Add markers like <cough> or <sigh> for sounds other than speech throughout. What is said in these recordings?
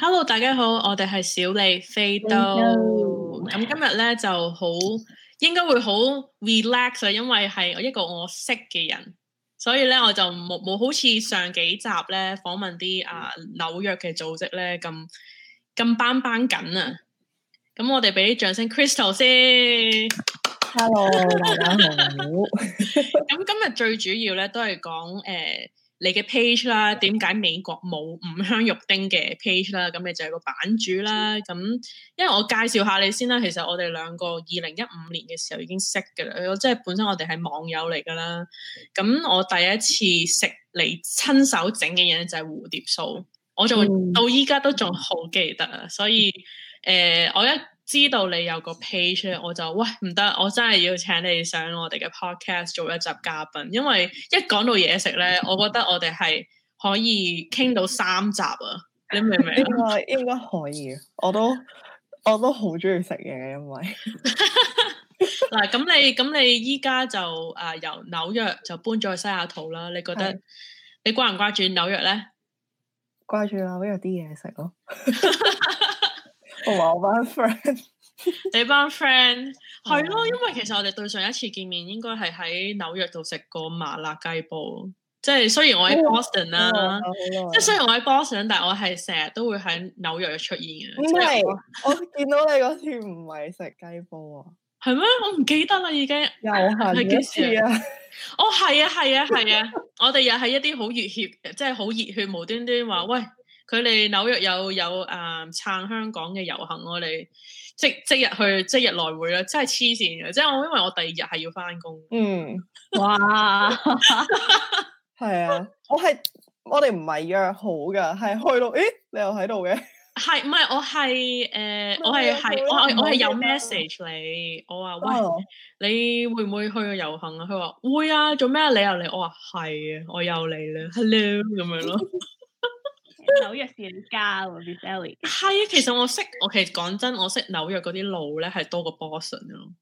Hello，大家好，我哋係小李非都。咁 Hello. 今日咧就好，應該會好 relax，因為係我一個我識嘅人，所以咧我就冇冇好似上幾集咧訪問啲啊紐約嘅組織咧咁咁繃繃緊啊。咁我哋俾啲掌聲 Crystal 先。 <laughs> hello <laughs> 大家好，咁 <laughs> 今日最主要咧都係講誒你嘅 page 啦，點解美國冇五香肉丁嘅 page 啦？咁你就係個版主啦。咁因為我介紹下你先啦，其實我哋兩個二零一五年嘅時候已經識嘅啦，即係本身我哋係網友嚟噶啦。咁我第一次食你親手整嘅嘢就係蝴蝶酥，我仲、嗯、到依家都仲好記得啊。所以誒、呃、我一知道你有個 page，我就喂，唔得，我真係要請你上我哋嘅 podcast 做一集嘉賓，因為一講到嘢食咧，我覺得我哋係可以傾到三集啊！你明唔明？應該應該可以，我都我都好中意食嘢，因為嗱咁 <laughs> <laughs> 你咁你依家就啊、呃、由紐約就搬咗去西雅圖啦，你覺得是你掛唔掛住紐約咧？掛住紐約啲嘢食咯～ <laughs> <laughs> 我班 friend， <laughs> 你班 friend 係咯，因為其實我哋對上一次見面應該係喺紐約度食過麻辣雞煲，即係雖然我喺 Boston 啦，即 <laughs> 係雖然我喺 Boston，但係我係成日都會喺紐約出現嘅。唔係，我見到你嗰次唔係食雞煲 <laughs> 了了啊？係咩？我唔記得啦，已經。悠閒嘅事啊！哦，係啊，係啊，係啊！我哋又係一啲好熱血，即係好熱血，無端端話喂。佢哋紐約有有誒撐、呃、香港嘅遊行，我哋即即日去，即日來回啦，真係黐線嘅。即係我因為我第二日係要翻工。嗯，哇，係 <laughs> 啊，我係我哋唔係約好噶，係去到，咦，你又喺度嘅？係唔係我係誒？我係係、呃、我我係有 message 你，我話喂，你會唔會去個遊行啊？佢話會啊，做咩、啊、你又嚟？我話係啊，我又嚟啦，hello 咁樣咯。 <laughs> 紐約 <laughs> <laughs> 是人家喎 Ellie。係啊，其實我識我其實講真，我識紐約嗰啲路咧係多過 Boston 咯。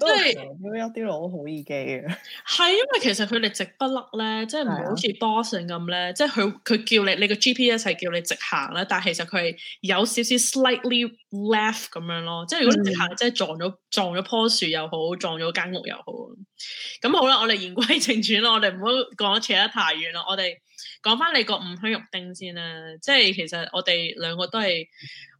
不過有啲路好易記嘅。係啊，因為其實佢哋直不甩咧，即係唔係好似 Boston 咁咧？啊、即係佢佢叫你你個 GPS 係叫你直行咧，但係其實佢係有少少 slightly left 咁樣咯。即係如果你直行，嗯、即係撞咗撞咗樖樹又好，撞咗間屋又好。咁好啦，我哋言歸正傳啦，我哋唔好講扯得太遠啦，我哋。講翻你個五香肉丁先啦，即係其實我哋兩個都係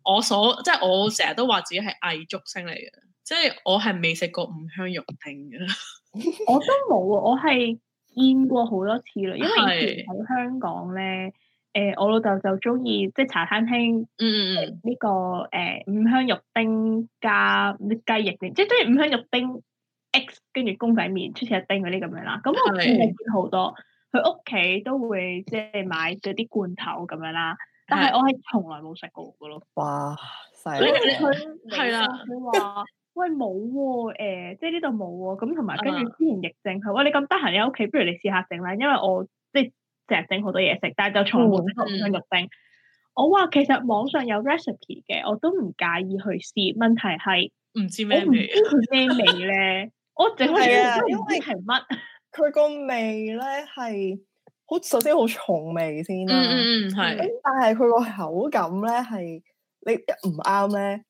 我所，即係我成日都話自己係偽竹星嚟嘅，即係我係未食過五香肉丁嘅 <laughs> 我都冇，我係見過好多次啦，因為喺香港咧，誒是、呃、我老豆就中意即係茶餐廳，嗯呢、嗯這個誒、呃、五香肉丁加啲雞翼麵，即係中意五香肉丁 X 跟住公仔麵、出前一丁嗰啲咁樣啦。咁我見見好多。嗯佢屋企都會即係買嗰啲罐頭咁樣啦，但係我係從來冇食過嘅咯。哇！犀利佢係啦，佢話是的： <laughs> 喂冇喎、哦欸，即係呢度冇喎。咁同埋跟住之前疫症，佢話的：你咁得閒喺屋企，不如你試下整啦。因為我即成日整好多嘢食，但係就從來冇整過咁樣嘅五香肉丁。我話其實網上有 recipe 嘅，我都唔介意去試。問題係唔知咩味，咧 <laughs> <laughs> ？我整因為係乜。佢個味咧係好，首先好重味先啦，嗯嗯係，但係佢個口感咧係你一唔啱咧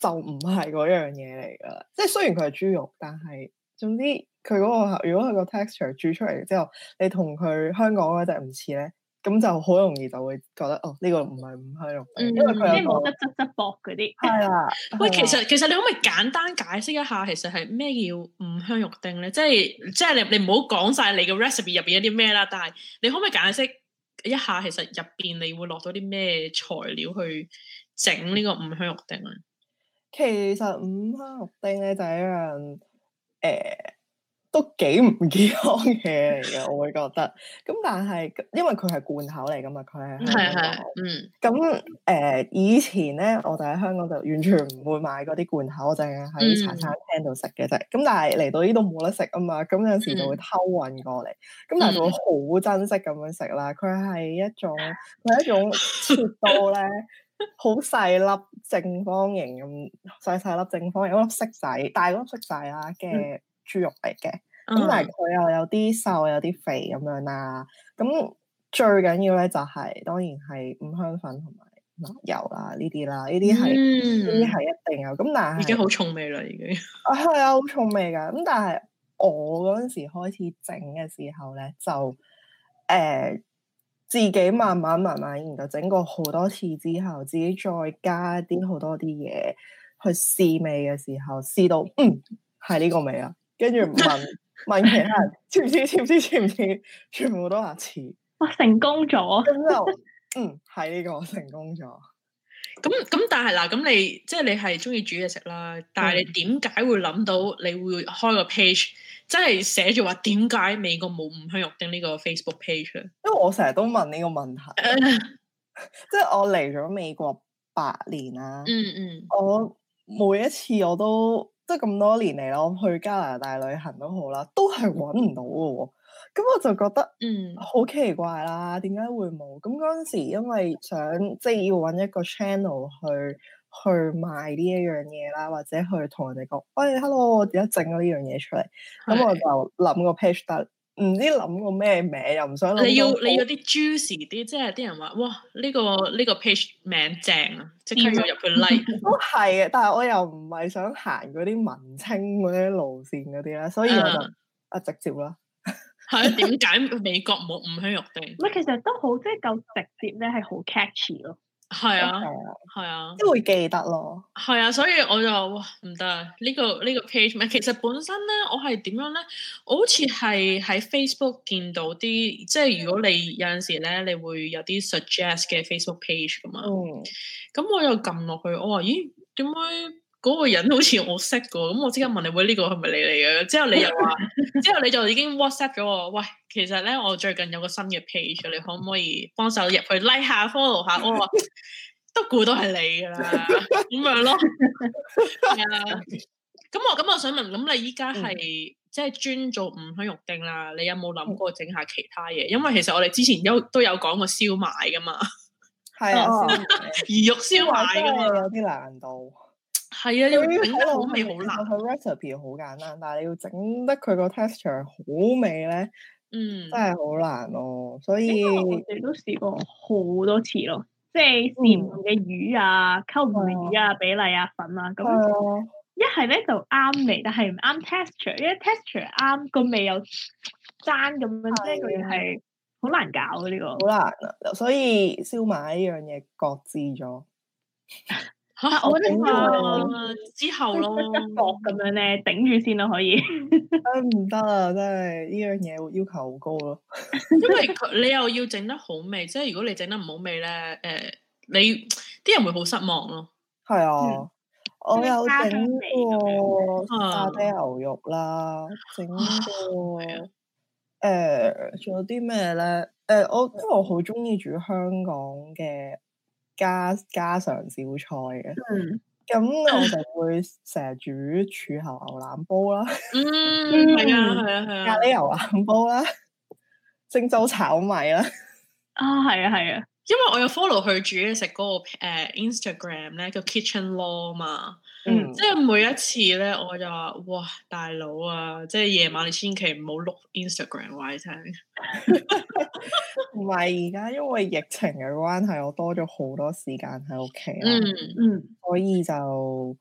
就唔係嗰樣嘢嚟噶啦，即係雖然佢係豬肉，但係總之佢嗰個如果佢個 texture 煮出嚟之後，你同佢香港嗰隻唔似咧。咁就好容易就會覺得哦，呢、呢個唔係五香肉丁，嗯、因為佢啲冇得質質薄嗰啲。係啦。喂，是是其實其實你可唔可以簡單解釋一下，其實係咩叫五香肉丁咧？即係即係你你唔好講晒你嘅 recipe 入邊有啲咩啦，但係你可唔可以解釋一下，其實入邊你會落到啲咩材料去整呢個五香肉丁啊？其實五香肉丁咧就係一樣誒。欸都幾唔健康嘅嘢，我會覺得。咁但係因為佢係罐頭嚟噶嘛，佢係係係嗯。咁誒、嗯，嗯嗯、以前咧我就喺香港就完全唔會買嗰啲罐頭，我淨係喺茶餐廳度食嘅啫。咁、嗯、但係嚟到呢度冇得食啊嘛。咁有陣時就會偷運過嚟。咁但係就會好珍惜咁樣食啦。佢係一種佢係一種切到咧，好細粒正方形咁細細粒正方形粒色仔，大粒色仔啦嘅。豬肉嚟嘅，咁、uh huh. 但係佢又有啲瘦，有啲肥咁樣啦、啊。咁最緊要咧就係、是，當然係五香粉同埋麻油、啊、啦，呢啲啦，呢啲係呢啲係一定有。咁但係已經好重味啦，已經。啊係啊，好、啊、重味噶。咁但係我嗰陣時開始整嘅時候咧，就誒、呃、自己慢慢慢慢然後，整過好多次之後，自己再加啲好多啲嘢去試味嘅時候，試到嗯係呢個味啊。跟住唔問問其他人似唔似，似唔似，似唔似？全部都話似哇，成功咗！咁就嗯，係呢、呢個成功咗。咁咁、嗯嗯，但係嗱，咁你即係你係中意煮嘢食啦，但係你點解會諗到你會開個 page？即係寫住話點解美國冇五香肉丁呢個 Facebook page？因為我成日都問呢個問題，呃、即係我嚟咗美國八年啦、嗯。嗯嗯，我每一次我都。即係咁多年嚟咯，去加拿大旅行都好啦，都係搵唔到嘅。咁我就覺得，嗯，好奇怪啦，點解會冇？咁嗰陣時因為想即係要搵一個 channel 去去賣呢一樣嘢啦，或者去同人哋講，喂，hey，hello，我而家整咗呢樣嘢出嚟。咁的我就諗個 page 得。唔知諗個咩名，又唔想諗。你要，哦，你要啲 juicy 啲，即係啲人話哇，呢、呢個呢個 page 名正啊，即刻入去 like。都係啊，但係我又唔係想行嗰啲文青嗰啲路綫嗰啲啦，所以我就啊，啊，啊直接啦。係啊？點解美國冇五香肉丁？唔係，其實都好，即係夠直接咧，係好 catchy 咯。係啊，係 Okay. 啊，即係會記得咯。係啊，所以我就哇，唔得呢個呢、呢個 page 咩？其實本身咧，我係點樣咧？我好似係喺 Facebook 見到啲，即、就、係、係、如果你有陣時咧，你會有啲 suggest 嘅 Facebook page 噶嘛。咁、嗯、我又撳落去，我話咦，點解？嗰個人好似我識嘅，咁我即刻問你會呢個係咪你嚟嘅？之後你又話，之後你就已經 WhatsApp 咗我，喂，其實咧我最近有個新嘅 page，你可唔可以幫手入去 like 下、follow 下？我話 <laughs> 都估到係你㗎啦，咁 <laughs> 樣咯。係啊，咁 <laughs> <laughs> 我咁我想問，咁你依家係即係專做五香肉丁啦？你有冇諗過整下其他嘢？ <laughs> <laughs> 因為其實我哋之前都有講過燒賣㗎嘛。係啊，魚肉燒賣㗎嘛，有啲難度。係啊，要整得好味好難。佢 recipe 好簡單，但係你要整得佢個 texture 好味咧，嗯，真係好難咯、啊。所以我哋都試過好多次咯，嗯、即係試唔同嘅魚啊、溝唔同嘅魚啊、哦、比例啊、粉啊，咁一係咧就啱味，但係唔啱 texture，因為 texture 啱的個味又爭咁樣，即係佢係好難搞呢、啊、個。好的難啊！所以燒賣呢樣嘢擱置咗。 <laughs> 吓！Oh, 我諗下之後咯，一搏咁樣咧，頂住先咯，可以。誒，唔得啊！真係呢樣嘢要求好高咯。 <laughs> <laughs> 因為你又要整得好味，即係如果你整得唔好味咧，誒、呃，你啲人會好失望咯。係啊，嗯、我有整過沙爹牛肉啦，整、嗯、 <laughs> 過誒，仲、呃、有啲咩咧？誒、呃，我因為我好中意煮香港嘅。家家常小菜嘅，咁、嗯、我就會成日煮柱侯牛腩煲啦，嗯，係 <laughs> 啊，係啊，啊咖喱牛腩煲啦，鄭州炒米啦，啊，係啊，係啊， <laughs> 因為我有 follow 佢煮嘢食嗰、那個誒、呃、Instagram 咧，叫 Kitchen Law 嘛。嗯、即係每一次咧，我就話哇大佬啊！即係夜晚你千祈唔好碌 Instagram，話你聽。唔係而家因為疫情嘅關係，我多咗好多時間喺屋企啦，嗯嗯，可以就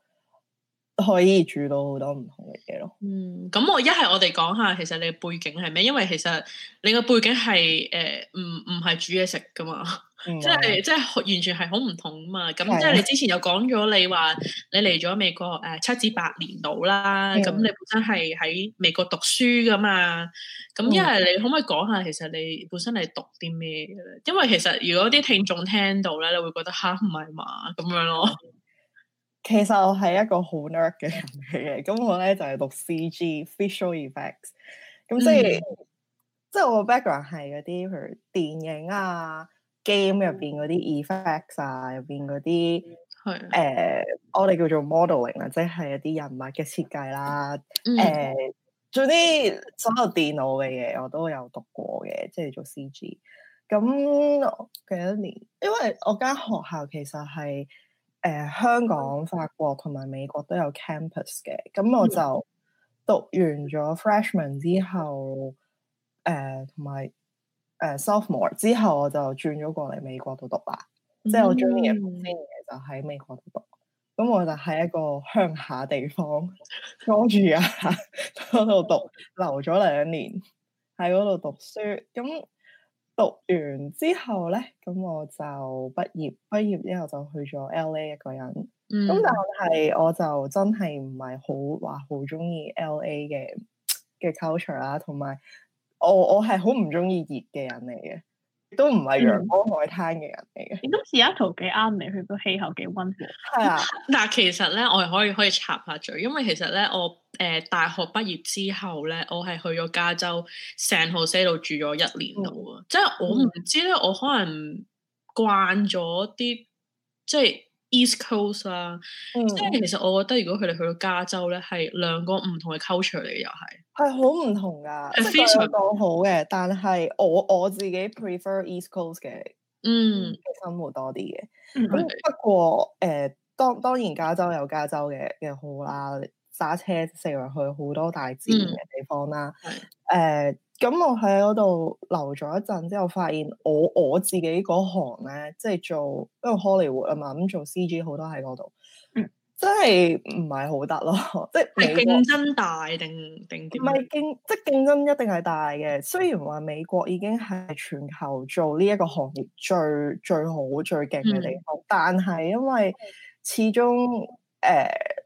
可以煮到好多唔同嘅嘢咯。嗯，咁我，我一係我哋講下，其實你嘅背景係咩？因為其實你嘅背景係誒，唔唔係煮嘢食噶嘛。即係即係完全係好唔同啊嘛！咁即係你之前又講咗你話你嚟咗美國誒、呃、七至八年度啦，咁、嗯、你本身係喺美國讀書噶嘛？咁一係你可唔可以講下其實你本身係讀啲咩嘅咧？因為其實如果啲聽眾聽到咧，你會覺得吓唔係嘛咁樣咯。其實我係一個好 nerd 嘅人嚟嘅，咁 <laughs> 我咧就係、是、讀 C G visual effects，咁即係、嗯、即係我 background 係嗰啲譬如電影啊。Game 入邊嗰啲 effects 啊，入邊嗰啲誒，我哋叫做 modeling 啊，即係一啲人物嘅設計啦。誒、嗯，總之、呃、所有電腦嘅嘢我都有讀過嘅，即係做 CG。咁幾多年，因為我間學校其實係誒、呃、香港、法國同埋美國都有 campus 嘅，咁我就讀完咗 freshman 之後，誒同埋。誒、uh，Sophomore 之後我就轉咗過嚟美國度讀啦，即係我 Junior 同 Senior 就喺美國度讀，咁、mm hmm. 嗯、我就喺一個鄉下地方住啊，度讀留咗兩年喺嗰度讀書，咁讀完之後咧，咁我就畢業，畢業之後就去咗 LA 一個人，咁、mm hmm. 但係我就真係唔係好話好中意 LA 嘅嘅 culture 啦，同埋。Oh, 我我係好唔中意熱嘅人嚟嘅，都唔係陽光海灘嘅人嚟嘅。你都試一套幾啱你，去個氣候幾溫和。係啊，但係其實咧，我係可以可以插下嘴，因為其實咧，我誒、呃、大學畢業之後咧，我係去咗加州成何塞聖何塞度住咗一年度啊，嗯、即係我唔知咧，嗯、我可能慣咗啲即係。East Coast 啦、啊，即係、嗯、其實我覺得如果佢哋去到加州咧，係兩個唔同嘅 culture 嚟嘅，又係係好唔同噶。講好嘅，但係我我自己 prefer East Coast 嘅，嗯，生活多啲嘅。咁不過誒、呃，當當然加州有加州嘅嘅好啦，揸車成日去好多大自然嘅地方啦，誒、嗯。嗯呃咁我喺嗰度留咗一陣之後，發現我我自己嗰行咧，即係做，因為 Hollywood 啊嘛，咁做 CG 好多喺嗰度，嗯、真係唔係好得咯，即係競爭大定定點？唔係競，即係競爭一定係大嘅。雖然話美國已經係全球做呢一個行業最最好最勁嘅地方，嗯、但係因為始終誒。呃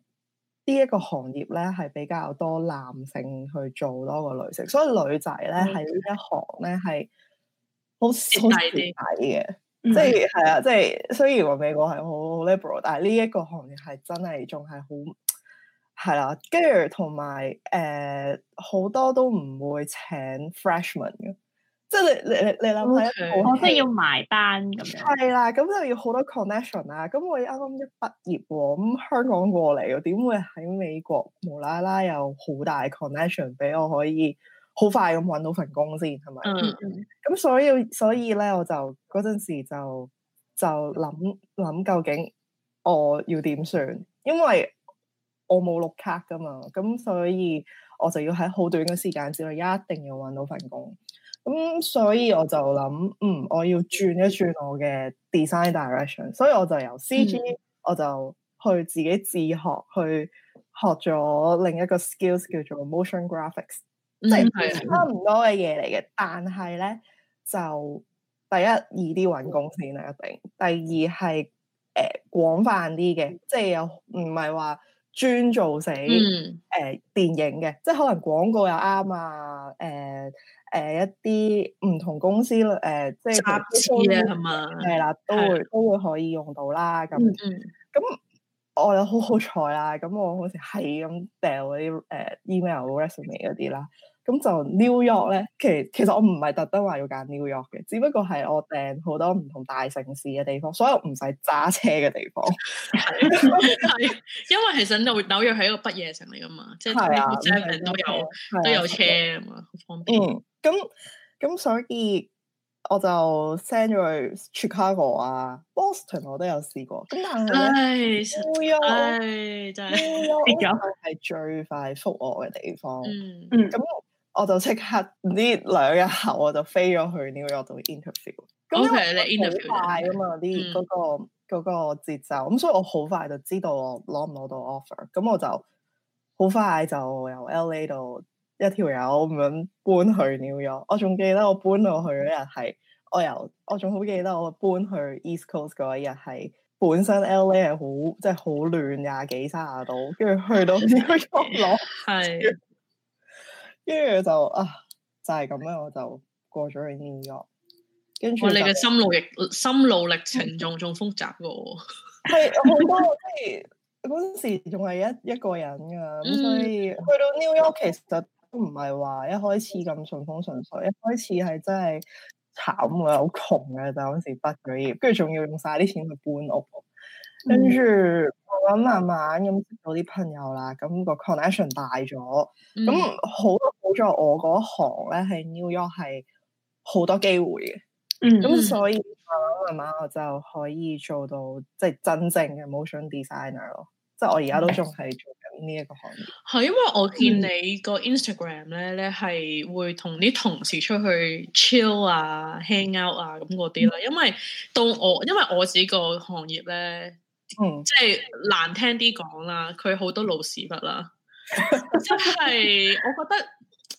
呢一個行業咧係比較多男性去做多過女性，所以女仔咧喺呢、嗯、一行咧係好蝕底嘅，嗯、即係係啊，即係雖然話美國係好 liberal，但係呢一個行業係真係仲係好係啦。跟住同埋誒好多都唔會請 freshman 嘅。即係你你你諗、嗯、係，我即係要埋單咁樣。係啦，咁就要好多 connection 啦。咁我啱啱一畢業，咁香港過嚟，點會喺美國無啦啦有好大 connection 俾我可以好快咁搵到份工先？係咪？咁、嗯嗯嗯、所以所以咧，我就嗰陣時就就諗諗究竟我要點算？因為我冇綠卡噶嘛，咁所以我就要喺好短嘅時間之內一定要搵到份工。咁、嗯、所以我就諗，嗯，我要轉一轉我嘅 design direction，所以我就由 CG，、嗯、我就去自己自學去學咗另一個 skills 叫做 motion graphics，、嗯、即係差唔多嘅嘢嚟嘅，但係咧就第一易啲揾工先啦一定，第二係誒、呃、廣泛啲嘅，即係又唔係話。專做成誒、呃、電影嘅，即係可能廣告又啱啊！誒、呃、誒、呃呃、一啲唔同公司誒，呃嗯、即係雜誌咧係嘛？係啦、嗯，都會,的都,會都會可以用到啦。咁咁、嗯、我又好好彩啦！咁我好似係咁掉嗰啲誒 email resume 嗰啲啦。咁就 New York 咧，其實其實我唔係特登話要揀 New York 嘅，只不過係我訂好多唔同大城市嘅地方，所有唔使揸車嘅地方，係 <laughs> <laughs> 因為其實紐紐約係一個不夜城嚟㗎嘛，的即係啲富人都有的都有車啊嘛，好的方便。咁咁、嗯、所以我就 send 咗去 Chicago 啊，Boston 我都有試過，咁但係咧，New York 真係變咗係最快復我嘅地方。咁、嗯。嗯嗯我就即刻呢，兩日後我就飛咗去 New York，就做 interview，咁因為好快啊嘛，啲嗰個嗰個節奏，咁所以我好快就知道我攞唔攞到 offer，咁我就好快就由 LA 度一條友咁樣搬去 New York。我仲記得我搬到去嗰日係，我由我仲好記得我搬去 East Coast 嗰一日係，本身 LA 係好即係好暖，廿幾卅度，跟住去到 New York 落係。跟住就啊，就係、是、咁樣，我就過咗去 New York。跟住你嘅心路歷心路歷程仲仲複雜噶，係 <laughs> 好多即係嗰陣時仲係一一個人噶，咁、嗯、所以去到 New York 其實都唔係話一開始咁順風順水，一開始係真係慘噶，好窮噶，就嗰陣時畢咗業，跟住仲要用晒啲錢去搬屋，跟住、嗯、慢慢慢咁識啲朋友啦，咁、嗰個 connection 大咗，咁好。做我嗰行咧，喺 New York 係好多機會嘅，咁、嗯、所以慢慢、嗯、我就可以做到即係、就是、真正嘅 motion designer 咯，嗯、即係我而家都仲係做緊呢一個行業。係因為我見你個 Instagram 咧咧係會同啲同事出去 chill 啊、嗯、hang out 啊咁嗰啲啦，因為到我因為我自己個行業咧，即係、嗯、難聽啲講啦，佢好多老屎忽啦，即係 <laughs> 我覺得。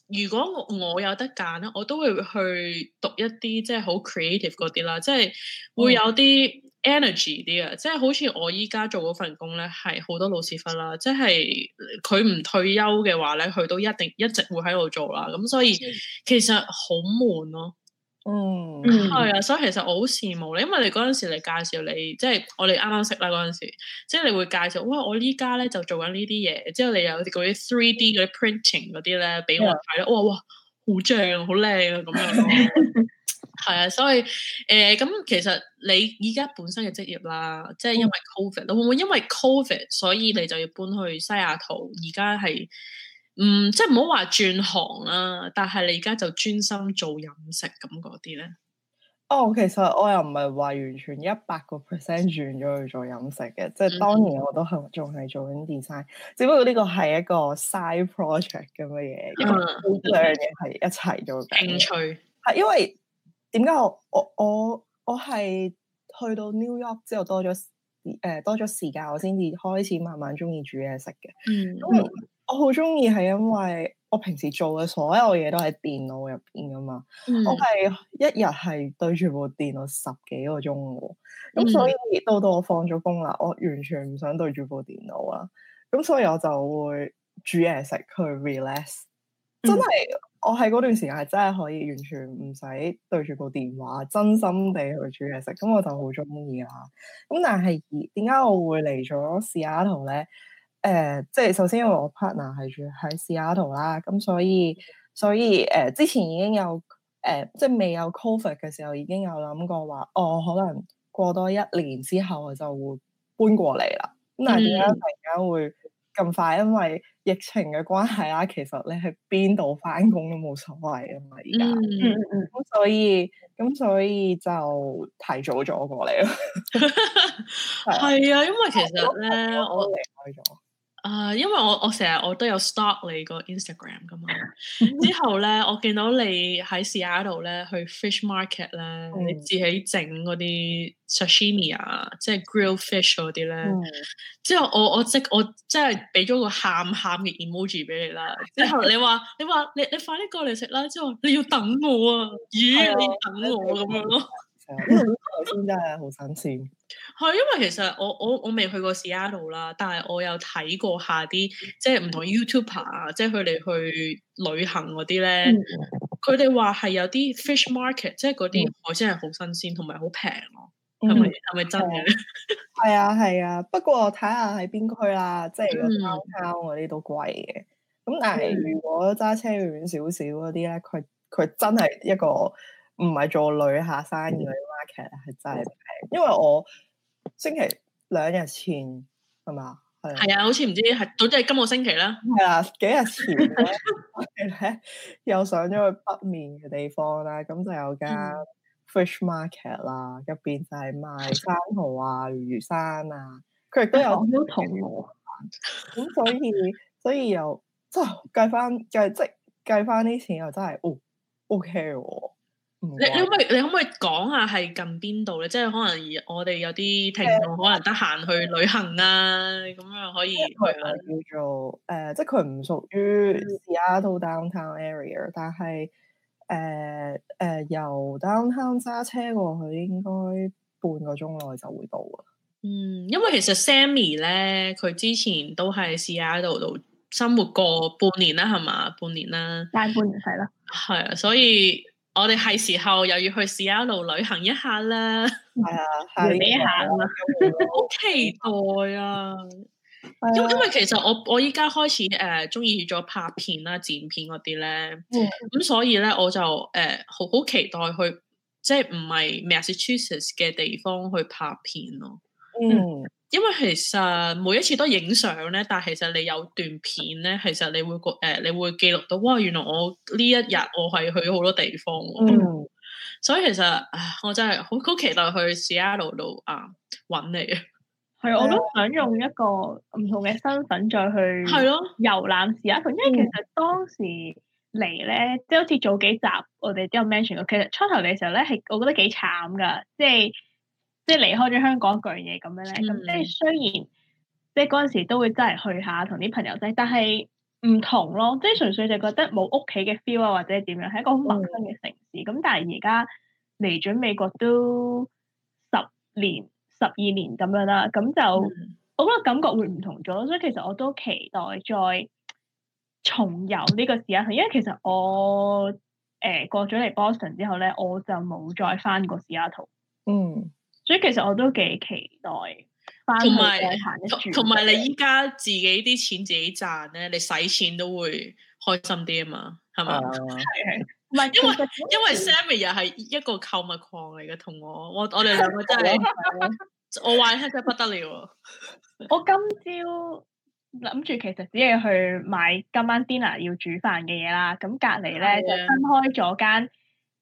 如果我有得揀咧，我都會去讀一啲即係好 creative 嗰啲啦，即係會有啲 energy 啲啊！哦、即係好似我依家做嗰份工咧，係好多老屎忽啦，即係佢唔退休嘅話咧，佢都一定一直會喺度做啦。咁所以其實好悶咯、啊。嗯，係啊、mm hmm.，所以其實我好羨慕你，因為你嗰陣時嚟介紹你，即係我哋啱啱識啦嗰陣時，即係你會介紹哇，我依家咧就做緊呢啲嘢，之後你有嗰啲 three D 嗰啲 printing 嗰啲咧俾我睇咯 Yeah.，哇哇，好正，好靚啊咁樣咯，係啊， <laughs> 所以誒咁、呃、其實你依家本身嘅職業啦，即係因為 covid，、mm hmm. 會唔會因為 covid 所以你就要搬去西雅圖？而家係。嗯，即係唔好話轉行啦、啊，但係你而家就專心做飲食咁嗰啲咧？哦，oh, 其實我又唔係話完全一百個 percent 轉咗去做飲食嘅，即係當年我都係仲係做緊 design，只不過呢個係一個 side project 咁嘅嘢，嗯、因為兩樣嘢係一齊做嘅興趣。係因為點解我我我我係去到 New York 之後多咗誒、呃、多咗時間，我先至開始慢慢中意煮嘢食嘅。嗯。因為我好中意，係因為我平時做嘅所有嘢都喺電腦入邊噶嘛。嗯、我係一日係對住部電腦十幾個鐘嘅，咁、嗯、所以到到我放咗工啦，我完全唔想對住部電腦啦。咁所以我就會煮嘢食去 relax。嗯、真係，我喺嗰段時間係真係可以完全唔使對住部電話，真心地去煮嘢食。咁我就好中意啦。咁但係而點解我會嚟咗試下圖咧？誒、呃，即係首先，因為我 partner 係住喺 s 下度啦，咁所以所以誒，之前已經有誒，即係未有 covet 嘅時候，已經有諗過話，哦、嗯，可能過多一年之後就會搬過嚟啦。咁但係點解突然間會咁快？因為疫情嘅關係啦、啊，其實咧，喺邊度翻工都冇所謂啊嘛。而家咁所以咁、嗯、所以就提早咗過嚟咯、 <laughs> <laughs> 啊。係啊， <music> 因為其實咧，我離開咗。啊，uh，因為我我成日我都有 stalk 你個 Instagram 㗎嘛， <laughs> 之後咧我見到你喺 Seattle 咧去 fish market 咧，嗯、你自己整嗰啲 sashimi 啊，即係 grill fish 嗰啲咧，嗯、之後我我即我即係俾咗個喊喊嘅 emoji 俾你啦，之後你話 <laughs> 你話你你快啲過嚟食啦，之後你要等我啊，魚、欸、你要等我咁樣咯。 <laughs> 海鮮真係好新鮮，係 <laughs> 因為其實我我我未去過 Seattle 啦，但係我有睇過下啲即係唔同 YouTuber 啊，即係佢哋去旅行嗰啲咧，佢哋話係有啲 fish market，即係嗰啲海鮮係好新鮮，同埋好平咯，係咪係咪真嘅？係啊係啊，不過睇下喺邊區啦，即係 downtown 嗰啲都貴嘅，咁但係如果揸車遠少少嗰啲咧，佢佢真係一個。唔係做女下生意嘅 market，係真係平，因為我星期兩日前係嘛，係係啊，好似唔知係到底係今個星期啦，係啊幾日前咧， <laughs> <laughs> 又上咗去北面嘅地方啦，咁就有間 fish market 啦，入邊就係賣生蚝啊、魚生啊，佢亦都有好多同樂，咁 <laughs> 所以所以又真係計翻計即係計翻啲錢又真係哦，ok 喎。你你可唔可以你可唔可以講下係近邊度咧？即係可能我哋有啲聽眾可能得閒去旅行啊，咁、嗯、樣可以去啊。叫做誒、呃，即係佢唔屬於 Seattle downtown area，但係誒誒由 downtown 揸車過去應該半個鐘內就會到啊。嗯，因為其實 Sammy 咧，佢之前都喺 Seattle 喺度度生活過半年啦，係嘛？半年啦，大半年係啦，係啊，所以。我哋係時候又要去試下一路旅行一下啦，嚟呢、哎、呀下啊，好的期待啊！因 <laughs> 因為其實我我依家開始誒中意咗拍片啦、剪片嗰啲咧，咁、嗯嗯嗯、所以咧我就誒好好期待去即係唔係 Massachusetts 嘅地方去拍片咯。嗯。嗯因為其實每一次都影相咧，但係其實你有段片咧，其實你會覺誒、呃，你會記錄到哇，原來我呢一日我係去好多地方。嗯，所以其實我真係好好期待去 Seattle 度啊搵你啊！係，我都想用一個唔同嘅身份再去的，係咯，遊覽 Seattle。因為其實當時嚟咧，嗯、即係好似早幾集我哋都有 mention 咯。其實初頭嚟嘅時候咧，係我覺得幾慘噶，即係。即係離開咗香港嗰樣嘢咁樣咧，咁、嗯、即係雖然即係嗰陣時都會真係去下同啲朋友仔，但係唔同咯，即係純粹就覺得冇屋企嘅 feel 啊，或者點樣，係一個好陌生嘅城市。咁、嗯、但係而家嚟準美國都十年、十二年咁樣啦，咁就我覺得感覺會唔同咗，所以其實我都期待再重遊呢個 Seattle，因為其實我誒、呃、過咗嚟 Boston 之後咧，我就冇再翻過 Seattle 嗯。所以其實我都幾期待，同埋同埋你依家自己啲錢自己賺咧，你使錢都會開心啲啊嘛，係嘛？係係、uh, <laughs> 唔係因為因為 Sammy 又係一個購物狂嚟嘅，同我我我哋兩個真係，我玩得不得了。我今朝諗住其實只係去買今晚 dinner 要煮飯嘅嘢啦，咁隔離咧就分開咗間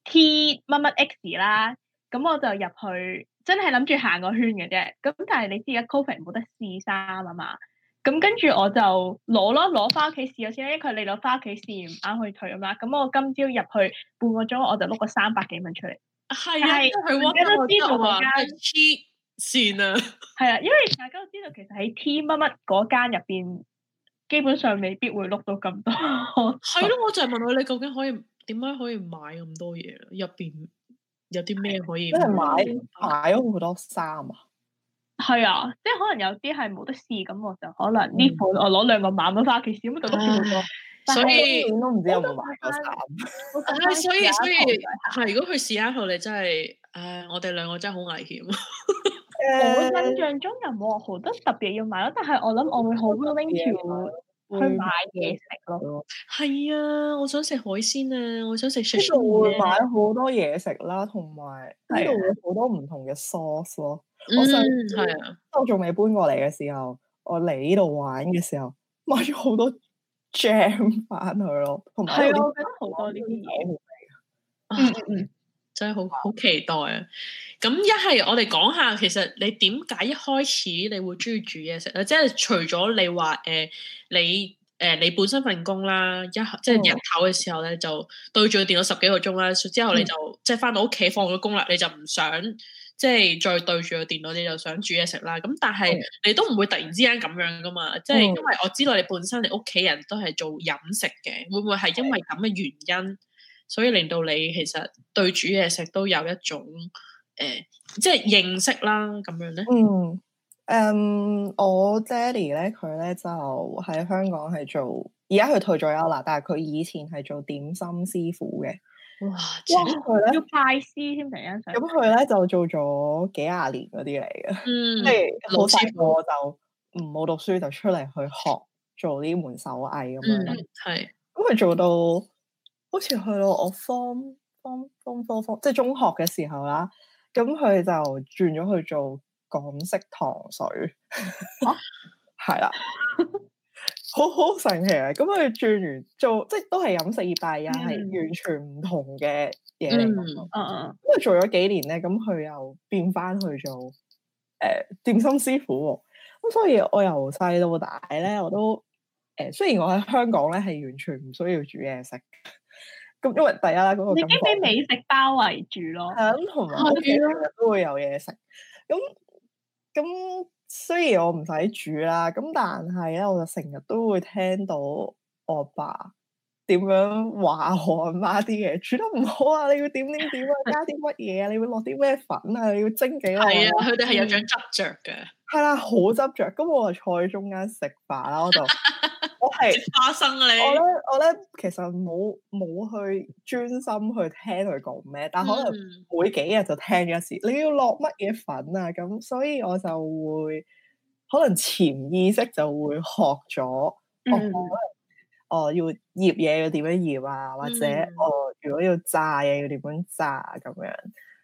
T 乜乜 X 啦，咁我就入去。真係諗住行個圈嘅啫，咁但係你知而家 COVID 冇得試衫啊嘛，咁跟住我就攞咯，攞翻屋企試咗先啦，因為佢你攞翻屋企試唔啱可以退啊嘛，咁我今朝入去半個鐘我就碌個三百幾蚊出嚟。係啊，而家都知道嗰間 T 先啊，係啊，因為大家都知道其實喺 T 乜乜嗰間入邊基本上未必會碌到咁多，係咯，我就問我你究竟可以點樣可以買咁多嘢入邊？有啲咩可以買？即係買買咗好多衫啊！係啊，即係可能有啲係冇得試，咁我就可能呢款我攞兩個萬蚊返屋企試，其實點都好多，啊，所以都唔知有冇買， <laughs> <laughs> 啊、所以所以係如果去試下後，你真係唉、呃，我哋兩個真係好危險。 <laughs> 我印象中又冇話好多特別要買咯，但係我諗我會好 w i l 去買嘢食咯，係、嗯、啊，我想食海鮮啊，我想食。呢度會買好多嘢食啦，啊、同埋呢度好多唔同嘅 sauce 咯。嗯，係啊。我仲未搬過嚟嘅時候，我嚟呢度玩嘅時候，買咗好多 jam 翻去咯，同埋我覺得好多呢啲嘢。嗯嗯嗯。嗯真係好好期待啊！咁一係我哋講下，其實你點解一開始你會中意煮嘢食咧？即係除咗你話誒你誒你本身份工啦，一即係日頭嘅時候咧，就對住個電腦十幾個鐘啦。之後你就即係翻到屋企放咗工啦，你就唔想即係再對住個電腦，你就想煮嘢食啦。咁但係你都唔會突然之間咁樣噶嘛？即係因為我知道你本身你屋企人都係做飲食嘅，會唔會係因為咁嘅原因？嗯所以令到你其實對煮嘢食都有一種誒、呃，即係認識啦咁樣咧、嗯。嗯，誒，我爹哋咧，佢咧就喺香港係做，而家佢退咗休咗啦。但係佢以前係做點心師傅嘅。哇！哇！佢咧是呢要拜師添第一世。咁佢咧就做咗幾廿年嗰啲嚟嘅， <laughs> 嗯，即係好細個就唔好讀書就出嚟去學做呢門手藝咁樣咯。係、嗯。咁佢做到。好似去到我方方方科方，即係中學嘅時候啦。咁、嗯、佢就轉咗去做港式糖水，係啦，好好神奇啊！咁佢轉完做，即係都係飲食業，但係係完全唔同嘅嘢嚟。嗯、咁佢做咗幾年咧，咁佢又變翻去做誒點心師傅。咁所以我由細到大咧，我都誒、呃、雖然我喺香港咧係完全唔需要煮嘢食。因為第一啦，嗰個、你已經被美食包圍住咯。係咁、啊，同埋我成日都會有嘢食。咁、嗯、咁、嗯嗯、雖然我唔使煮啦，咁、嗯、但係咧，我就成日都會聽到我爸點樣話我阿媽啲嘢煮得唔好啊！你要點點點啊？ <laughs> 加啲乜嘢啊？你要落啲咩粉啊？你要蒸幾耐啊？佢哋係有種執着嘅，係啦、啊，好執着。咁我就坐喺中間食飯啦，我就。 <laughs> 係花生咧，我咧我咧其實冇冇去專心去聽佢講咩，但可能每幾日就聽咗一次。你要落乜嘢粉啊？咁所以我就會可能潛意識就會學咗，學、嗯、我覺得、哦、要醃嘢要點樣醃啊，或者我、嗯哦、如果要炸嘢要點樣炸咁、啊、樣。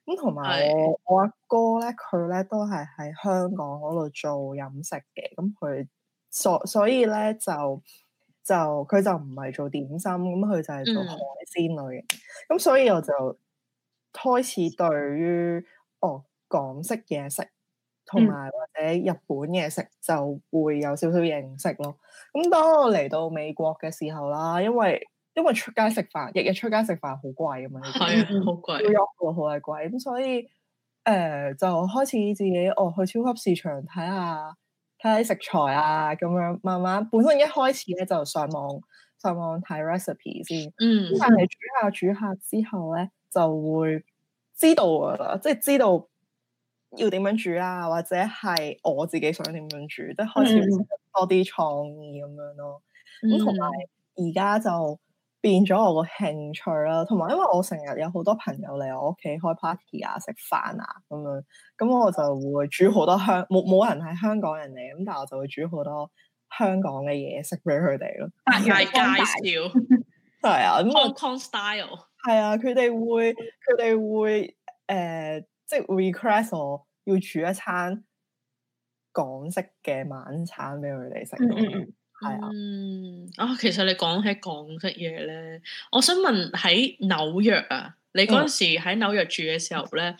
咁同埋我是我阿哥咧，佢咧都係喺香港嗰度做飲食嘅，咁佢所所以咧就。就佢就唔係做點心，咁佢就係做海鮮類嘅，咁、嗯嗯、所以我就開始對於哦港式嘢食，同埋或者日本嘢食、嗯、就會有少少認識咯。咁、嗯、當我嚟到美國嘅時候啦，因為因為出街食飯，日日出街食飯好貴㗎嘛，係啊好貴，會約到好鬼貴，咁貴所以誒、呃、就開始自己哦去超級市場睇下。睇食材啊，咁樣慢慢，本身一開始咧就上網上網睇 recipe 先，嗯，咁但係煮下煮下之後咧就會知道，即係知道要點樣煮啊，或者係我自己想點樣煮，即係、嗯、開始多啲創意咁樣咯。咁同埋而家就～變咗我個興趣啦，同埋因為我成日有好多朋友嚟我屋企開 party 啊、食飯啊咁樣，咁我就會煮好多香冇冇人係香港人嚟，咁但係我就會煮好多香港嘅嘢食俾佢哋咯。介紹係啊，咁我 Hong Kong style 係啊，佢哋、嗯嗯、會佢哋會誒、 <laughs> 呃，即係 request 我要煮一餐港式嘅晚餐俾佢哋食。嗯嗯嗯.係啊，嗯啊、哦，其實你講起港式嘢咧，我想問喺紐約啊，你嗰陣時喺紐約住嘅時候咧，嗯、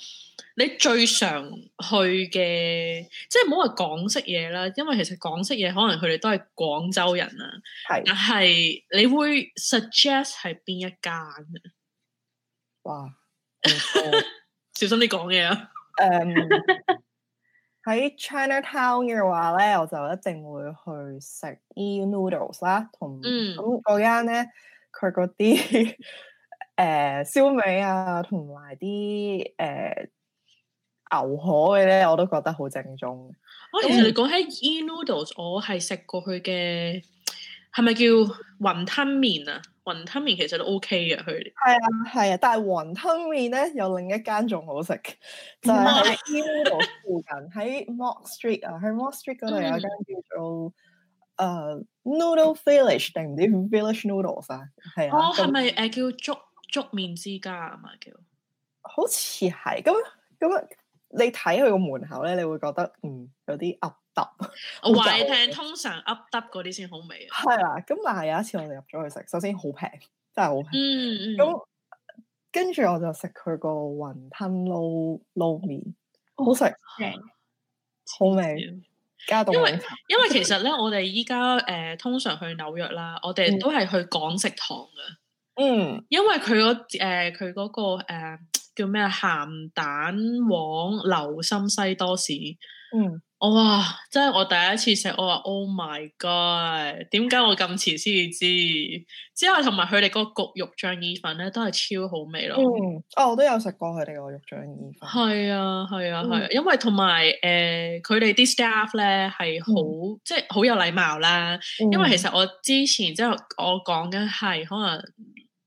你最常去嘅，即係唔好話港式嘢啦，因為其實港式嘢可能佢哋都係廣州人啊，係是，但係你會 suggest 係邊一間啊？哇，小心啲講嘢啊，嗯。 <laughs> <laughs> 喺 China Town 嘅話咧，我就一定會去食 E Noodles 啦，同，嗯，咁嗰間咧，佢嗰啲誒，燒味啊，同埋啲誒，牛河嘅咧，我都覺得好正宗嘅。哦。其實你講起 E Noodles，我係食過佢嘅。係咪叫雲吞麵啊？雲吞麵其實都 OK 嘅，佢。係啊，係啊，但係雲吞麵咧有另一間仲好食，就喺 Noodle 附近，喺 <laughs> Mock Street 啊，喺 Mock Street 嗰度有一間叫誒、嗯 uh, Noodle Village 定唔知 Village Noodles 啊。係啊。哦，係咪誒叫粥竹麵之家啊？嘛叫。好似係，咁咁，你睇佢個門口咧，你會覺得嗯有啲噏。我話你聽通常噏揼嗰啲先好味，啊，係啦、啊。咁但係有一次我哋入咗去食，首先好平，真係好平。嗯嗯。咁跟住我就食佢個雲吞撈撈麵，好食，嗯、好,吃好味。加凍奶茶因,為因為其實咧，我哋依家誒通常去紐約啦，我哋都係去港食堂嘅，嗯。因為佢嗰誒佢個誒、呃、叫咩鹹蛋黃流心西多士。嗯。我哇！真係我第一次食，我話 Oh my God！點解我咁遲先至知？之後同埋佢哋嗰個焗肉醬意粉咧，都係超好味咯、嗯。哦，我都有食過佢哋個肉醬意粉。係啊，係啊、係、嗯啊。因為同埋誒，佢哋啲 staff 咧係好，即係好有禮貌啦。嗯、因為其實我之前即係我講緊係可能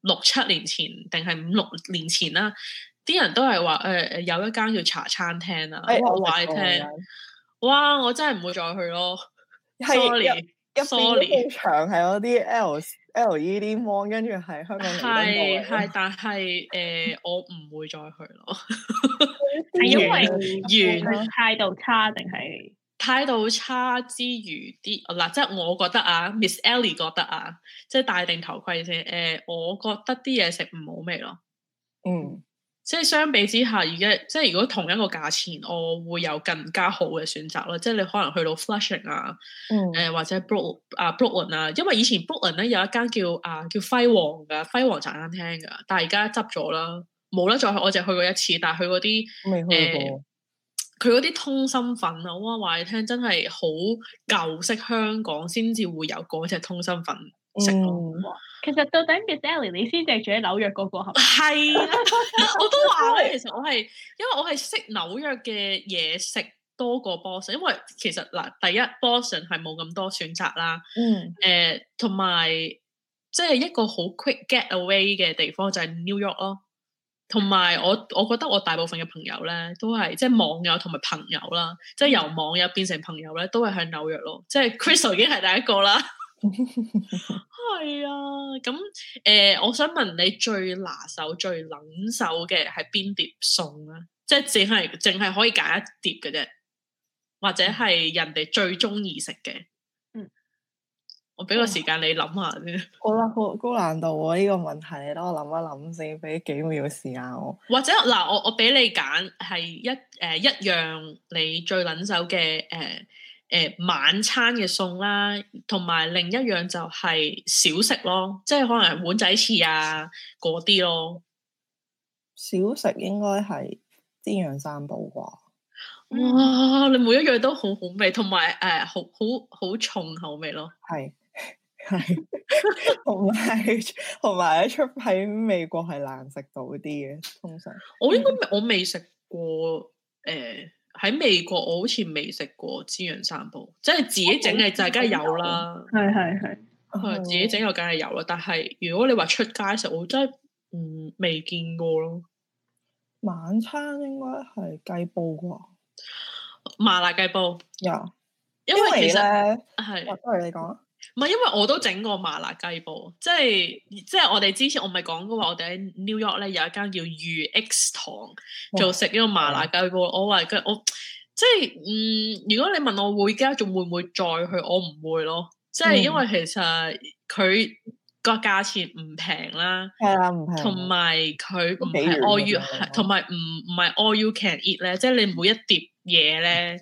六七年前定係五六年前啦，啲人都係話誒有一間叫茶餐廳啊，嗯、我話你聽。嗯嗯哇！我真係唔會再去咯，係一，sorry 現場係嗰啲 L L E D 芒跟住係香港人都係係，但係誒、呃、 <laughs> 我唔會再去咯，係 <laughs> 因為原態度差定係態度差之餘啲嗱、啊，即係我覺得啊，Miss <noise> Ellie 覺得啊，即係戴定頭盔先誒、呃，我覺得啲嘢食唔好味咯，嗯。即係相比之下，而家即係如果同一個價錢，我會有更加好嘅選擇啦。即係你可能去到 Flushing 啊，誒、嗯呃、或者 Bro 啊，Brooklyn 啊，因為以前 Brooklyn 咧有一間叫啊叫輝煌嘅輝煌茶餐廳嘅，但係而家執咗啦，冇得再去。我就去過一次，但係佢嗰啲誒，佢嗰啲通心粉啊，哇！話你聽真係好舊式香港先至會有嗰隻通心粉食。其實到底嘅 Daily 你先訂住喺紐約嗰個合？係，是啊、 <laughs> 我都話咧，其實我係因為我係識紐約嘅嘢食多過 Boston，因為其實嗱，第一 Boston 係冇咁多選擇啦。嗯。誒、呃，同埋即係一個好 quick get away 嘅地方就係 New York 咯。同埋我我覺得我大部分嘅朋友咧都係即係網友同埋朋友啦，即、就、係、是、由網友變成朋友咧都係喺紐約咯。即、就、係、是、Crystal 已經係第一個啦。嗯 <laughs> 係 <laughs> <laughs> 啊，咁誒、呃，我想問你最拿手、最捻手嘅係邊碟餸咧？即係淨係淨係可以揀一碟嘅啫，或者係人哋最中意食嘅。嗯，我俾個時間你諗下先、嗯。好啦，好高難度喎、啊，呢、呢個問題你等我諗一諗先，俾幾秒時間我。或者嗱、呃，我我俾你揀係一誒、呃、一樣你最捻手嘅誒。呃誒、呃，晚餐嘅餸啦，同埋另一樣就係小食咯，即係可能碗仔翅啊嗰啲咯。小食應該係煎釀三寶啩。哇，哇你每一樣都好好味，同埋誒，好好好，好重口味咯。係係，同埋同埋一出喺美國係難食到啲嘅通常，我應該、嗯、我未食過誒。呃喺美國我好似未食過煎釀三寶，即係自己整嘅就梗係有啦。係係係，自己整又梗係有啦，嗯。但係如果你話出街食，我真係唔未見過咯。晚餐應該係雞煲啩，麻辣雞煲。有，Yeah. 因為其實係，都係是你講。唔係，因為我都整過麻辣雞煲，即係，即係我哋之前我咪講過話，我哋喺 New York 咧有一間叫魚 X 堂做食呢個麻辣雞煲。嗯、我話佢，我即係嗯，如果你問我會而家仲會唔會再去？我唔會咯，即係因為其實佢個價錢唔平啦，係啊、嗯，同埋佢唔係 all you 同埋唔唔係 all you can eat 咧，即係你每一碟嘢咧。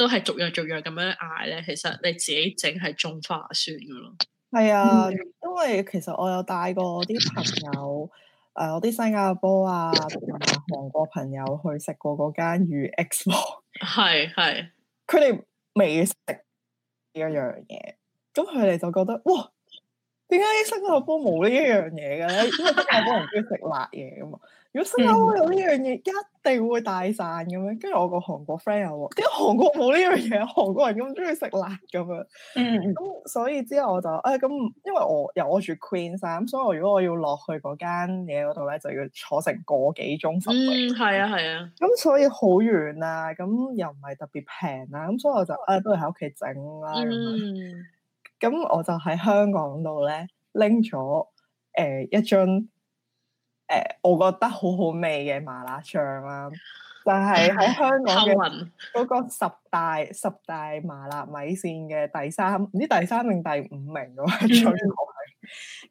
都係逐樣逐樣咁樣嗌咧，其實你自己整係仲划算噶咯。係啊，因為其實我有帶過啲朋友，誒、呃，我啲新加坡啊、韓國朋友去食過嗰間魚 X 鍋，係係，佢哋未食呢一樣嘢，咁佢哋就覺得哇，點解新加坡冇呢一樣嘢嘅咧？因為新加坡人中意食辣嘢㗎嘛。如果新加坡有呢樣嘢，嗯、一定會大賺咁樣。跟住我個韓國 friend 又話，點解韓國冇呢樣嘢？韓國人咁中意食辣咁樣，咁、嗯、所以之後我就誒咁、哎，因為我由我住 Queen 山，咁所以我如果我要落去嗰間嘢嗰度咧，就要坐成個幾鐘頭嚟，係啊係啊，咁、啊、所以好遠啊，咁又唔係特別平啊。咁所以我就誒都係喺屋企整啦咁。哎啊嗯、我就喺香港度咧拎咗誒一樽。誒、欸，我覺得好好味嘅麻辣醬啦、啊，就係喺香港嗰個十大 <laughs> 十大麻辣米線嘅第三，唔知第三名第五名嘅。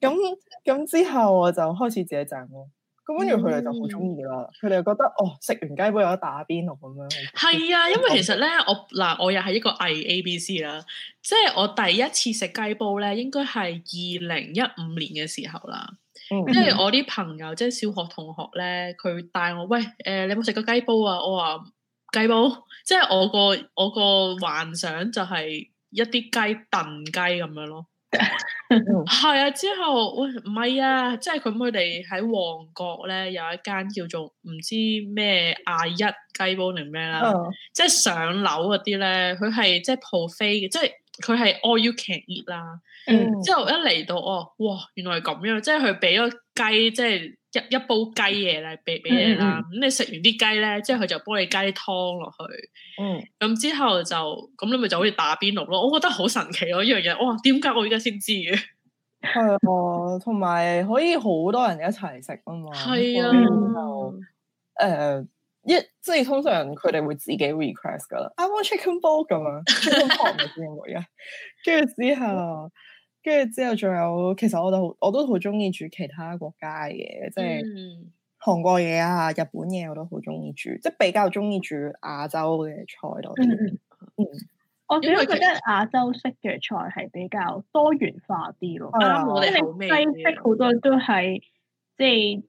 咁咁之後我就開始自己整咯。咁跟住佢哋就好中意啦，佢哋又覺得哦，食完雞煲有得打邊爐咁樣。係啊，因為其實咧，我嗱我又係一個偽 A B C 啦，即係我第一次食雞煲咧，應該係二零一五年嘅時候啦。即係、嗯嗯、我啲朋友，即、就、係、是、小學同學咧，佢帶我，喂、誒、呃，你有冇食過雞煲啊？我話雞煲，即、就、係、是、我個我個幻想就係一啲雞燉雞咁樣咯。係 <laughs> <laughs> <laughs> 啊，之後喂唔係啊，即係佢咁佢哋喺旺角咧有一間叫做唔知咩亞一雞煲定咩啦，即係、嗯、上樓嗰啲咧，佢係即係 buffet 嘅，即、就、係、是。就是佢係 all you can eat 啦、嗯、之後一嚟到哦，哇，原來係咁樣，即係佢俾咗雞，即係一一煲雞嘢啦，俾俾你啦，咁你食、嗯嗯、完啲雞咧，即係佢就幫你加啲雞湯落去，咁、嗯嗯、之後就咁你咪就好似打邊爐咯，我覺得好神奇咯、啊，呢樣嘢，哇，點解我而家先知嘅？係啊，同埋可以好多人一齊食啊嘛，係啊，誒。呃一即係通常佢哋會自己 request 噶啦，I want chicken ball 咁樣，chicken ball 係跟住之後，跟住之後仲有，其實我都好，我都好中意煮其他國家嘅嘢，即係韓國嘢啊、日本嘢，我都好中意煮，即係比較中意煮亞洲嘅菜多啲。我主要覺得亞洲式嘅菜係比較多元化啲咯，因為、嗯嗯、西式好多都係即係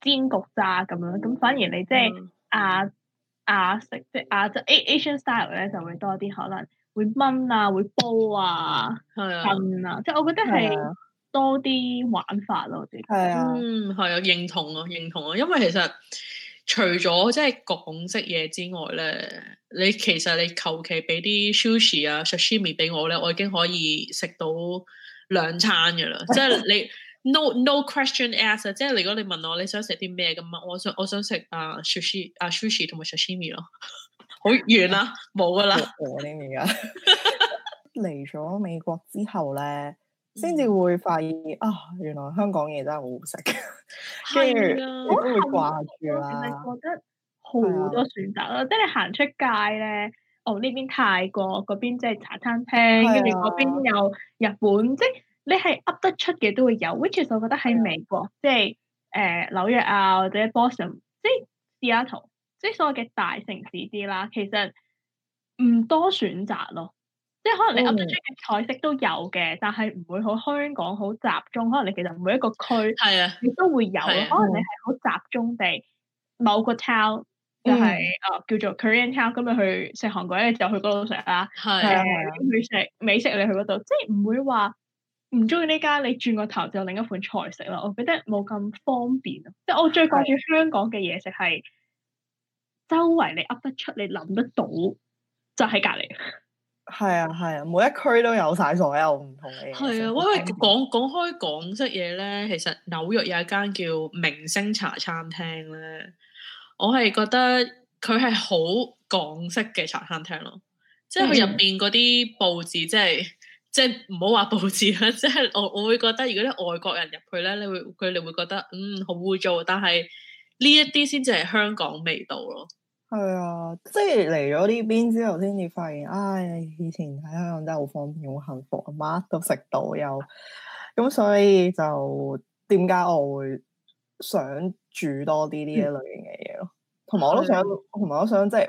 煎焗炸咁樣，咁、嗯、反而你即、就、係、是。嗯亞亞式，即係亞即係 Asian style 咧，就會多啲，可能會燜啊，會煲啊，燉啊，啊啊即係我覺得係多啲玩法咯，我覺得。係啊。嗯，係啊，認同啊，認同啊，因為其實除咗即係港式嘢之外咧，你其實你求其俾啲 sushi 啊、sashimi 俾我咧，我已經可以食到兩餐嘅啦，即係你。no no question answer，即係如果你問我你想食啲咩咁啊，我想我想食啊 sushi u s h i 同埋 sashimi 咯，uh, ushi, uh, <laughs> 好遠啦，冇㗎 <laughs> 了啦。我咧而家嚟咗美國之後咧，先至會發現啊、哦，原來香港嘢真係好好食。係 <laughs> 后啊，都會掛住啦。嗯、覺得好多選擇啦，啊、即係你行出街咧，哦呢邊泰國，嗰邊即係茶餐廳，跟住嗰邊有日本，即係。你係噏得出嘅都會有，which is 我覺得喺美國 Yeah. 即係誒、呃、紐約啊或者 Boston，即 Seattle，即所謂嘅大城市啲啦，其實唔多選擇咯。即可能你噏得出嘅菜式都有嘅，mm. 但係唔會好香港好集中。可能你其實每一個區，係啊，你都會有。可能你係好集中地、mm. 某個 town 就係、是、誒、哦、叫做 Korean town，咁咪去食韓國咧就去嗰度食啦。係啊 Yeah. Yeah.、uh,，去食美食你去嗰度，即唔會話。唔中意呢間，你轉個頭就另一款菜食啦。我覺得冇咁方便咯，即係我最掛住香港嘅嘢食係的周圍你噏得出，你諗得到就喺隔離。係啊係啊，每一區都有晒所有唔同嘅嘢。係啊，因為講講開港式嘢咧，其實紐約有一間叫明星茶餐廳咧，我係覺得佢係好港式嘅茶餐廳咯，即係佢入邊嗰啲佈置即係。即係唔好話佈置啦，即係我我會覺得如果啲外國人入去咧，你會佢哋會覺得嗯好污糟，但係呢一啲先至係香港味道咯。係啊、嗯，嗯、即係嚟咗呢邊之後，先至發現唉、哎，以前喺香港真係好方便，好幸福，乜都食到又咁，所以就點解我會想煮多啲呢一類型嘅嘢咯。同埋、嗯、我都想，同埋、嗯、我想即係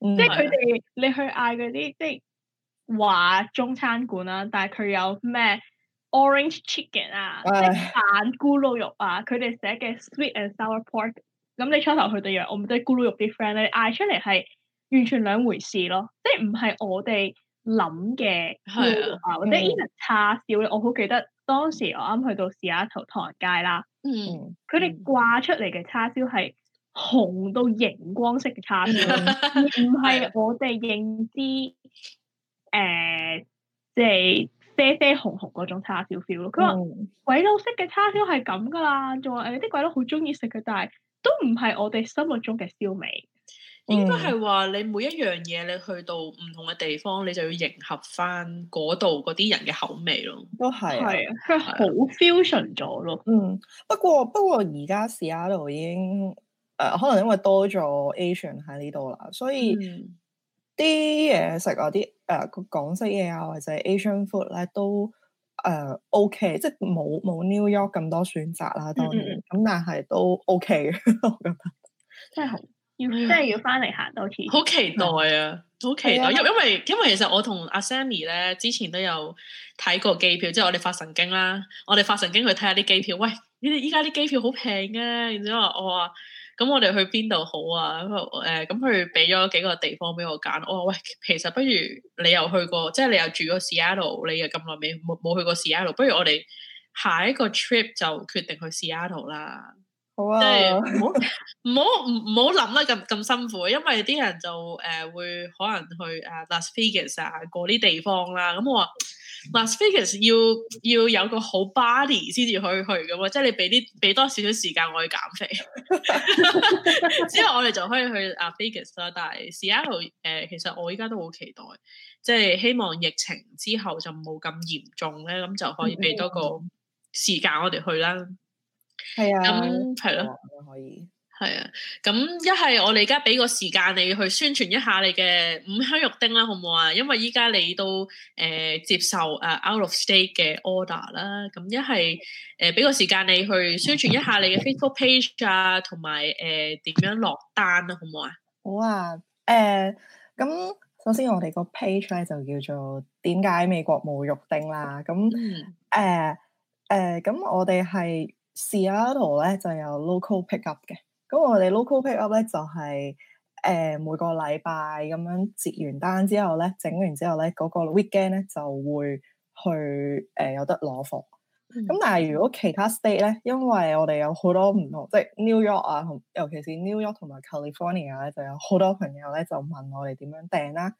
嗯、即係佢哋，你去嗌嗰啲，即係話中餐館啦、啊，但係佢有咩 orange chicken 啊，哎、呀即係炭咕嚕肉啊，佢哋寫嘅 sweet and sour pork，咁你初頭去，佢哋以為我唔知咕嚕肉啲 friend 咧，嗌出嚟係完全兩回事咯，即係唔係我哋諗嘅燒啊，或者 even 叉燒咧，我好記得當時我啱去到試下頭唐人街啦，佢哋掛出嚟嘅叉燒係，紅到熒光色嘅叉燒，唔係 <laughs> 我哋認知誒，即係啡啡紅紅嗰種叉燒 feel 咯。佢話、嗯、鬼佬式嘅叉燒係咁噶啦，仲話誒啲鬼佬好中意食嘅，但係都唔係我哋心目中嘅燒味。應該係話你每一樣嘢，你去到唔同嘅地方，你就要迎合翻嗰度嗰啲人嘅口味咯。都係係啊，嗯、啊好 fusion 咗咯、啊。啊、 <laughs> 嗯，不過不過而家士下道已經。誒、uh, 可能因為多咗 Asian 喺呢度啦，所以啲嘢食啊、啲誒港式嘢啊，或者 Asian food 咧都誒、呃、OK，即係冇冇 New York 咁多選擇啦、啊。當然咁，嗯嗯但係都 OK，我覺得。 <laughs> 真係是要真係、啊、要翻嚟行多次。好期待啊！好、啊、期待、啊，因、啊、因為因為其實我同阿 Sammy 咧之前都有睇過機票，即係我哋發神經啦，我哋發神經去睇下啲機票。喂，你哋依家啲機票好平啊！然之後我話。咁我哋去邊度好啊？咁、呃、誒，咁佢俾咗幾個地方俾我揀。我話，喂，其實不如你又去過，即係你又住過 Seattle，你又咁耐未冇冇去過 Seattle。不如我哋下一個 trip 就決定去 Seattle 啦。好啊，即係唔好唔好唔好諗得咁咁辛苦，因為啲人就誒、呃、會可能去啊、uh, Las Vegas 啊嗰啲地方啦。咁、嗯、我話。嗱，Vegas 要要有個好 body 先至可以去咁啊。即係你俾啲俾多少少時間我去減肥，之後 <laughs> <laughs> 我哋就可以去啊 Vegas 啦。但係 Seattle 誒，其實我依家都好期待，即係希望疫情之後就冇咁嚴重咧，咁就可以俾多個時間我哋去啦。係啊 <laughs> 那，咁係咯，嗯、可以。係啊，咁一係我哋而家俾個時間你去宣傳一下你嘅五香肉丁好好、呃呃呃、啦，呃啊呃、好唔好，好啊？因為依家你都誒接受啊 out of state 嘅 order 啦，咁一係誒俾個時間你去宣傳一下你嘅 Facebook page 啊，同埋誒點樣落單啊，好唔好啊？好啊，誒，咁首先我哋個 page 咧就叫做點解美國冇肉丁啦，咁誒誒，咁、嗯呃呃、我哋係 Seattle 咧就有 local pick up 嘅。咁我哋 local pick up 咧，就係誒，每個禮拜咁樣接完單之後咧，整完之後咧，嗰、那個 weekend 咧，就會去誒、呃、有得攞貨。咁、嗯、但係如果其他 state 咧，因為我哋有好多唔同，即係 New York 啊，尤其是 New York 同埋 California 咧，就有好多朋友咧就問我哋點樣訂啦。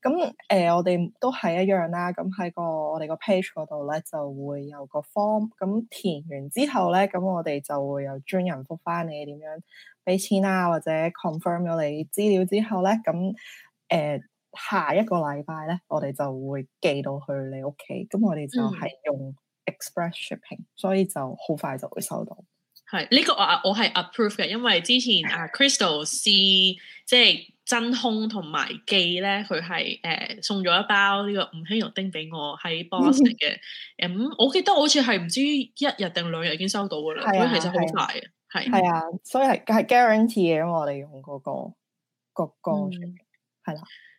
咁誒、呃，我哋都係一樣啦。咁喺個我哋個 page 嗰度咧，就會有個 form。咁填完之後咧，咁我哋就會有專人覆返你點樣俾錢啊，或者 confirm 咗你資料之後咧，咁誒、呃、下一個禮拜咧，我哋就會寄到去你屋企。咁我哋就係用 express shipping，嗯、所以就好快就會收到。係呢、這個啊，我係 approve 嘅，因為之前啊 Crystal C 即係真空同埋寄咧，佢係誒送咗一包呢個五香肉丁俾我喺 Boston 嘅，咁、 <laughs> 嗯、我記得好似係唔知一日定兩日已經收到噶啦，所以、啊、其實好快嘅，係啊，所以係係 guarantee 嘅，因為我哋用嗰、那個、那個歌，係啦、嗯。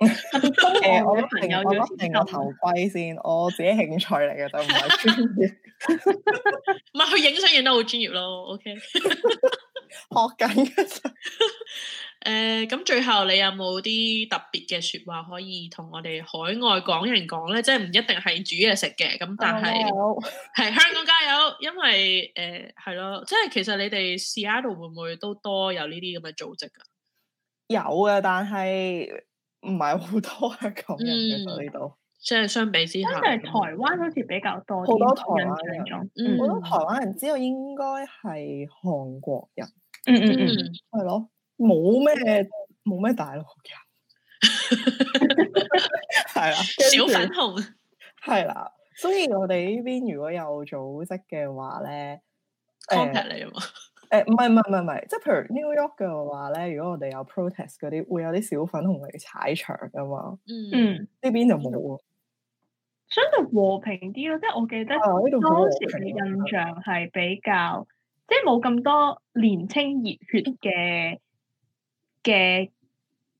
誒、 <laughs> 嗯，我朋友攞定個頭盔先， <laughs> 我自己興趣嚟嘅，都唔係專業。唔係去影相影得好專業咯，OK <laughs> <laughs> 學。學緊誒，咁最後你有冇啲特別嘅說話可以同我哋海外港人講咧？即係唔一定係煮嘢食嘅，咁但係係、哦哦嗯、香港加油，因為誒係咯，即、呃、係其實你哋 Seattle 會唔會都多有呢啲咁嘅組織噶？有啊，但係。唔係好多香港人嘅，呢度，嗯、裡即係相比之下，因為，台灣好似比較多好多台灣人，好、嗯、多台灣人知道應該係韓國人，嗯嗯嗯，係、嗯、咯，冇咩冇咩大陸人，係啦， <laughs> <laughs> 小粉紅，係啦，所以我哋呢邊如果有組織嘅話咧 contact 你嘛。誒唔係唔係唔係，即係譬如 New York 嘅話咧，如果我哋有 protest 嗰啲，會有啲小粉紅嚟踩場噶嘛。嗯嗯，呢邊就冇啊，相對和平啲咯。即係我記得當時嘅印象係比較，啊、即係冇咁多年青熱血嘅嘅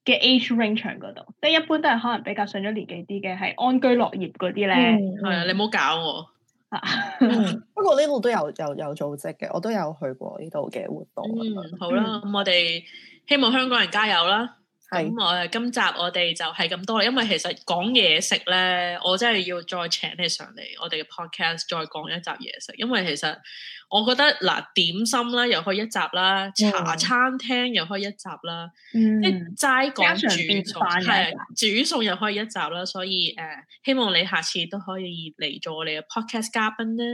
嘅 age range 喺嗰度，即係一般都係可能比較上咗年紀啲嘅，係安居樂業嗰啲咧。係啊、嗯，你唔好搞我。 <laughs> <laughs> 不過呢度都有有有組織嘅，我都有去過呢度嘅活動。嗯，好啦，咁 <laughs> 我哋希望香港人加油啦！咁我誒、今集我哋就係咁多啦，因為其實講嘢食咧，我真係要再請你上嚟我哋嘅 podcast 再講一集嘢食，因為其實我覺得嗱點心啦，又可以一集啦，嗯、茶餐廳又可以一集啦，即係齋講煮餸，煮餸又可以一集啦，所以誒、呃，希望你下次都可以嚟做我哋嘅 podcast 嘉賓啦。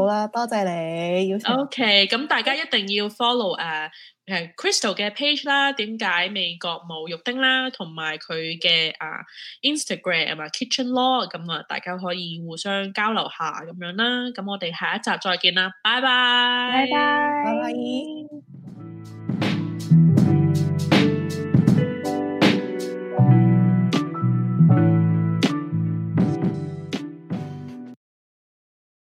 好啦，多謝你。OK，咁大家一定要 follow 誒、呃。係 Crystal 嘅 page 啦，點解美國冇肉丁啦，同埋佢嘅啊 Instagram 啊 Kitchen Law 咁啊，大家可以互相交流下咁樣啦。咁我哋下一集再見啦，拜拜，拜拜，bye。